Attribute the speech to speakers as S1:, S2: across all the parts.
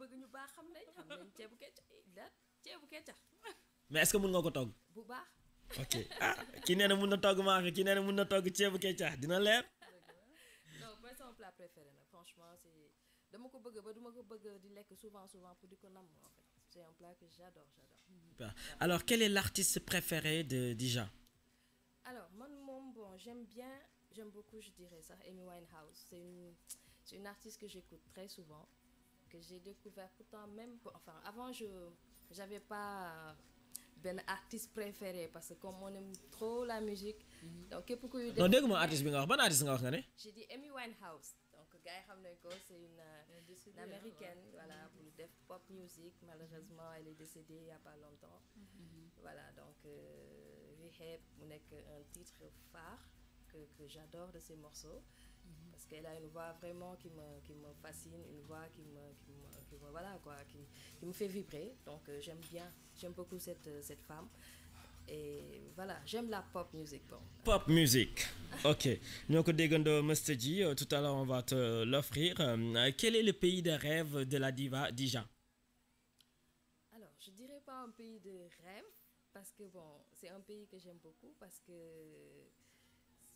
S1: bëgg ñu baax xam nañ xam nañ ceebu keccax eh, la ceebu keccax
S2: mais est-ce que mun nga ko togg bu baax ok ah ki nee na mun na togg maafe ki nee na mun na togg ceebu keccax dina leer
S1: non mooy sama plat préféré nag franchement c'est dama ko bëgg ba duma ko bëgg di lekk souvent souvent pour di ko nam en fait c'est un plat que j'adore j'adore
S2: alors quel est l'artiste préféré de Dija
S1: alors man moom bon j'aime bien j'aime beaucoup je dirais ça Amy Winehouse c'est une c'est une artiste que j'écoute très souvent que j'ai découvert pourtant même enfin avant je j'avais pas ben artiste préféré parce que comme on aime trop la musique. Mhm. donc pourquoi kuy. non dégg ma artiste bien artiste nga wax j'ai dit Amy Winehouse donc Guy yi c'est une. Euh, hein, américaine voilà le def pop music malheureusement elle est décédée il n'y a pas longtemps. Mhm. voilà donc euh, Rehab n'est qu'un un titre phare que que j'adore de ses morceaux parce qu'elle a une voix vraiment qui me, qui me fascine, une voix qui me, qui me, voilà quoi, qui, me fait vibrer. Donc euh, j'aime bien, j'aime beaucoup cette, euh, cette femme. Et voilà, j'aime la pop music.
S2: Pop music, ok. Donc Degondo euh, tout à l'heure on va te l'offrir. quel est le pays de rêve de la diva Dijan
S1: Alors, je dirais pas un pays de rêve, parce que bon, c'est un pays que j'aime beaucoup, parce que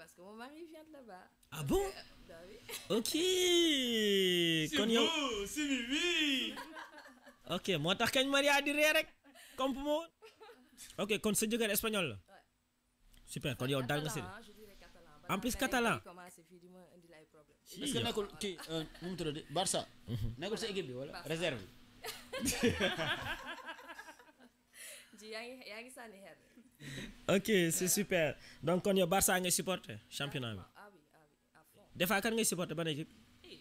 S1: parce que mon mari vient de là-bas. Ah bon euh, bah
S2: Ok kon yow si Mimi ok moi t'as kañ Maria di ree comme pour moi. ok c'est du gars espagnol ouais. super kon yow dal nga hein,
S1: si en plus catalan est-ce que nekkul
S2: qui, euh, nu mu tuddati Barça mhm. nekkul sa équipe voilà. réserve Je suis.
S1: yaa ngi yaa
S2: ok c'est super donc kon yow Barça ngay supporter championnat Ah ah oui, bi. Ah des fois kan ngay supporter ban équipe. Eh,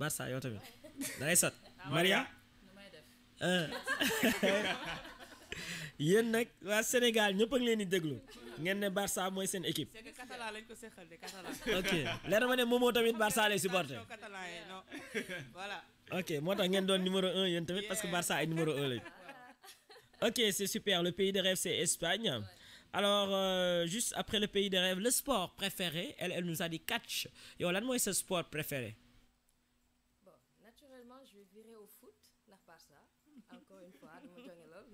S2: Barça yow tamit da ngay sot. Ah Maria. Ah. yéen nag waa Sénégal ñëpp a ngi leen di déglu ngeen ne Barça mooy seen équipe. c'est que Catalan lañ ko seqal de Catalans. ok leer ma ne moomoo tamit Barça lay supporter. voilà. ok moo tax ngeen doon numéro un yéen tamit parce que Barça ay numéro 1. Ok, c'est super. Le pays de rêve, c'est Espagne. Alors, euh, juste après le pays de rêve, le sport préféré, elle, nous a dit catch. Et on a demandé ce sport préféré.
S1: Bon, naturellement, je vais virer au foot, la ça, Encore une fois, je vais football.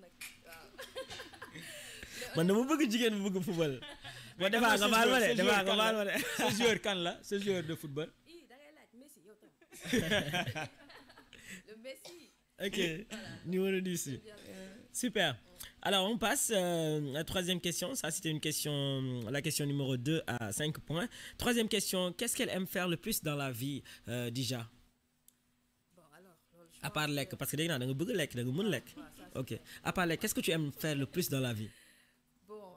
S2: de joueur la joueur de football. Oui, da Messi le Messi. ok numéro 10. Super. Alors, on passe euh, à la troisième question. Ça, c'était une question, la question numéro 2 à 5 points. Troisième question, qu'est-ce qu'elle aime faire le plus dans la vie, euh, déjà bon, alors, À part lek, que... parce que déjà, beaucoup a beaucoup lec. Ok. À part lek, qu'est-ce que tu aimes faire le plus dans la vie
S1: Bon,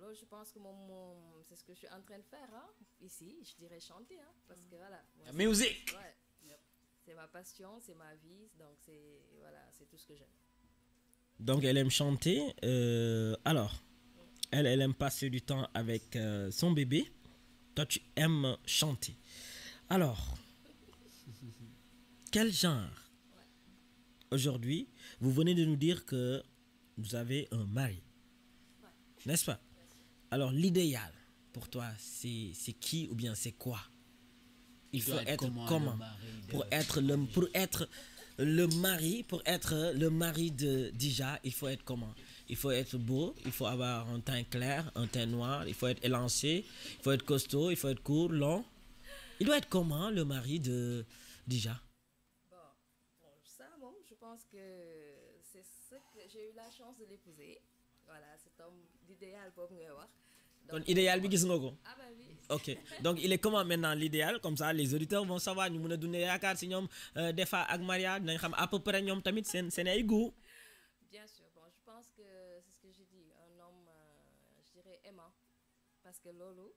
S1: là, je pense que c'est ce que je suis en train de faire hein. ici. Je dirais chanter, hein? parce que voilà. La musique. Ouais, c'est ma passion, c'est ma vie, donc c'est voilà, c'est tout ce que
S2: j'aime. Donc elle aime chanter. Euh, alors, elle, aime passer du temps avec euh, son bébé. Toi, tu aimes chanter. Alors, quel genre Aujourd'hui, vous venez de nous dire que vous avez un mari. N'est-ce pas Alors, l'idéal pour toi, c'est qui ou bien c'est quoi il, faut être, comment, pour, euh, être l'homme, pour être le mari, pour être le mari de Dija, il faut être comment Il faut être beau, il faut avoir un teint clair, un teint noir, il faut être élancé, il faut être costaud, il faut être court, long. Il doit être comment le mari de Dija
S1: Bon, ça, je pense que c'est ce que j'ai eu la chance de l'épouser. Voilà, cet homme, l'idéal pour me voir. Hein.
S2: Donc, l'idéal, bi ah bah ok donc il est comment maintenant l'idéal comme ça les auditeurs vont savoir nous mën a dundee yaakaar si euh, des ak Maria à peu près tamit bien
S1: sûr bon je pense que c'est ce que j'ai dit un homme euh, je dirais aimant parce que lolo,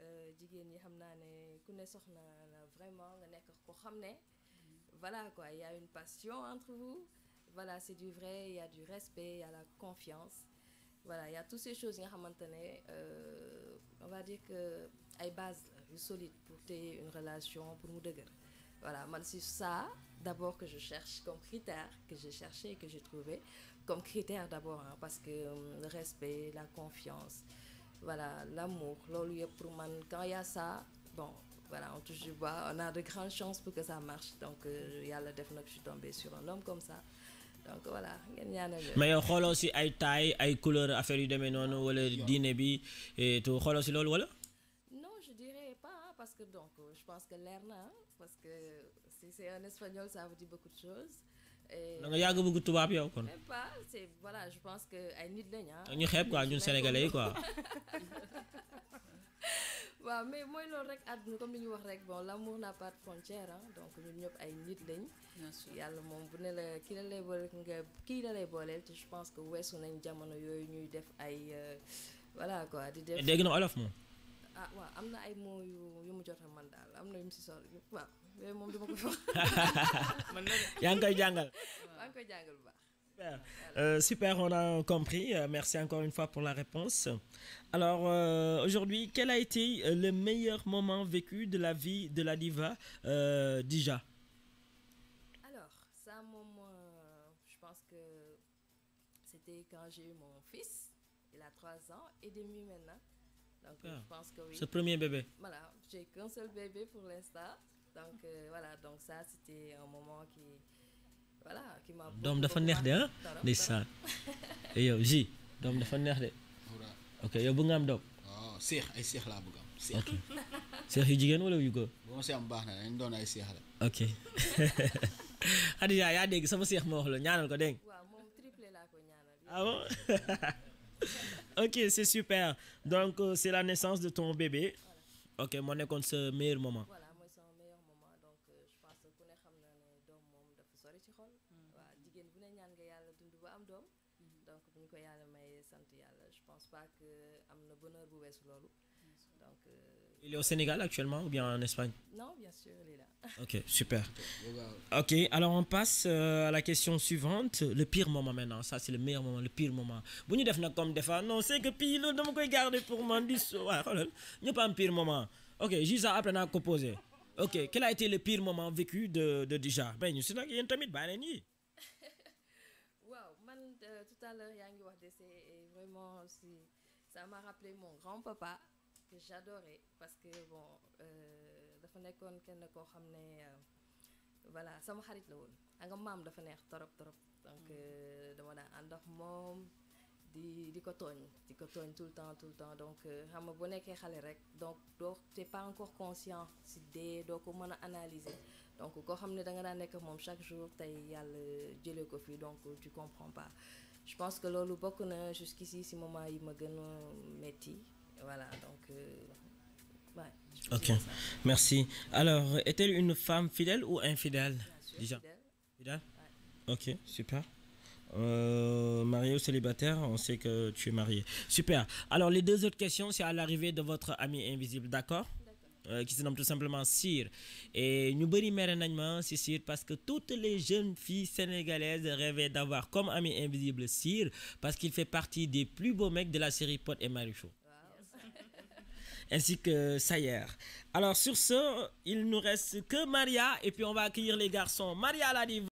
S1: euh, je xam vraiment voilà quoi il y a une passion entre vous voilà c'est du vrai il y a du respect il y a la confiance voilà il y a toutes ces choses qui nga euh, on va dire que ay base une solide pour une relation pour nous deux voilà c'est ça d'abord que je cherche comme critère que j'ai cherché et que j'ai trouvé comme critère d'abord hein, parce que euh, le respect la confiance voilà l'amour pour quand il y a ça bon voilà on touche du bois on a de grandes chances pour que ça marche donc il y le def que je suis tombée sur un homme comme ça donc voilà ngeen ñaanal mais yow
S2: xooloo si ay taille ay couleur affaire yu demee noonu wala diine bi tu xooloo si loolu wala.
S1: non je dirais pas hein, parce que donc euh, je pense que leer na hein, parce que si c' est un espagnol ça veut dire beaucoup de choses. da nga yàgg bëgg
S2: tubaab yow kon. même
S1: pas c' est voilà je pense que ay nit lañ ah. ñu xeeb quoi
S2: ñun sénégalais yi quoi.
S1: waaw mais mooy loolu rek àdduna comme li ñu wax rek bon l'amour n'a pas de frontière ah donc ñun ñëpp ay nit lañ. yàlla moom bu ne la kii la lay booleel nga kii la lay booleel te je pense que weesu nañ jamono yooyu ñuy def ay euh, voilà quoi. di def dégg na olof moom. ah waaw am na ay mots yu yu mu jot man daal am na yu mu si sol waaw yooyu moom duma ko wax. man yaa ngi koy jàngal. maa ngi koy jàngal baax.
S2: Euh, super. on a compris. Euh, merci encore une fois pour la réponse. Alors, euh, aujourd'hui, quel a été le meilleur moment vécu de la vie de la diva déjà Alors,
S1: ça, moment, je pense que c'était quand j'ai eu mon fils. Il a 3 ans et demi maintenant. Donc, ah. je pense que oui. Ce premier bébé. Voilà, j'ai qu'un seul bébé pour l'instant. Donc, voilà, donc ça, c'était un moment qui voilà qui m'a doom hein? eh dafa neex de hein ah ndeysaan
S2: yow ji doom dafa neex de ok yow bu nga am doom waaw cheikh oh, ay cheikh la bu am cheikh seex yu jigéen wala yu góor bu ma si am baax na dañ doon ay cheikh la ok Xadija ya dégg sama cheikh mo wax lo ñaanal ko dégg waaw mom triplé la ko ñaanal ah bon ok c'est super donc euh, c'est la naissance de ton bébé ok moo nekkoon ce meilleur moment
S1: sori ci xol mm. waaw jigéen bu ne ñaan nga yàlla dund ba am doom mm-hmm. donc bu ñu ko yàlla may sant yàlla je pense pas que euh, am na bonheur bu weesu loolu donc euh,
S2: il est au Sénégal actuellement ou bien en Espagne non bien sûr il est là ok super ok alors on passe euh, à la question suivante le pire moment maintenant ça c'est le meilleur moment le pire moment bu ñu def nag comme defa non c'est que pire loolu dama koy garder pour man di waaw xoolal ñëpp am pire moment ok juste après naa ko posé ok quel a été le pire moment vécu de de Dija Ben, ñu si nag yéen tamit bàyyi
S1: Wow, man euh, tout à l'heure yaa ngi wax dese c'est vraiment si ça m'a rappelé mon grand papa que j'adorais parce que bon euh, dafa nekkoon kenn koo xam ne euh, voilà sama xarit la woon nga maam dafa neex torop torop donc mm. dama daan ànd ak di di ko coton tout le temps tout le temps donc euh, xam nga bu nekkee xale rek donc tu t'es pas encore conscient si dee doo ko mën a analyser donc koo xam ne da nga daan nekk moom chaque jour tey yàlla jëlee ko fii donc tu comprends pas je pense que loolu bokk na jusqu'ici si moment yi ma gën a metti voilà donc euh, ouais.
S2: ok merci alors est-elle une femme fidèle ou infidèle déjà fidèle ok super euh, marié ou célibataire, on sait que tu es marié. Super. Alors, les deux autres questions, c'est à l'arrivée de votre ami invisible, d'accord euh, qui se nomme tout simplement Sir. Et nous bénissons c'est Sir, parce que toutes les jeunes filles sénégalaises rêvaient d'avoir comme ami invisible Sir, parce qu'il fait partie des plus beaux mecs de la série Pot et Marichou. Ainsi que Sayer. Alors sur ce, il nous reste que Maria, et puis on va accueillir les garçons. Maria la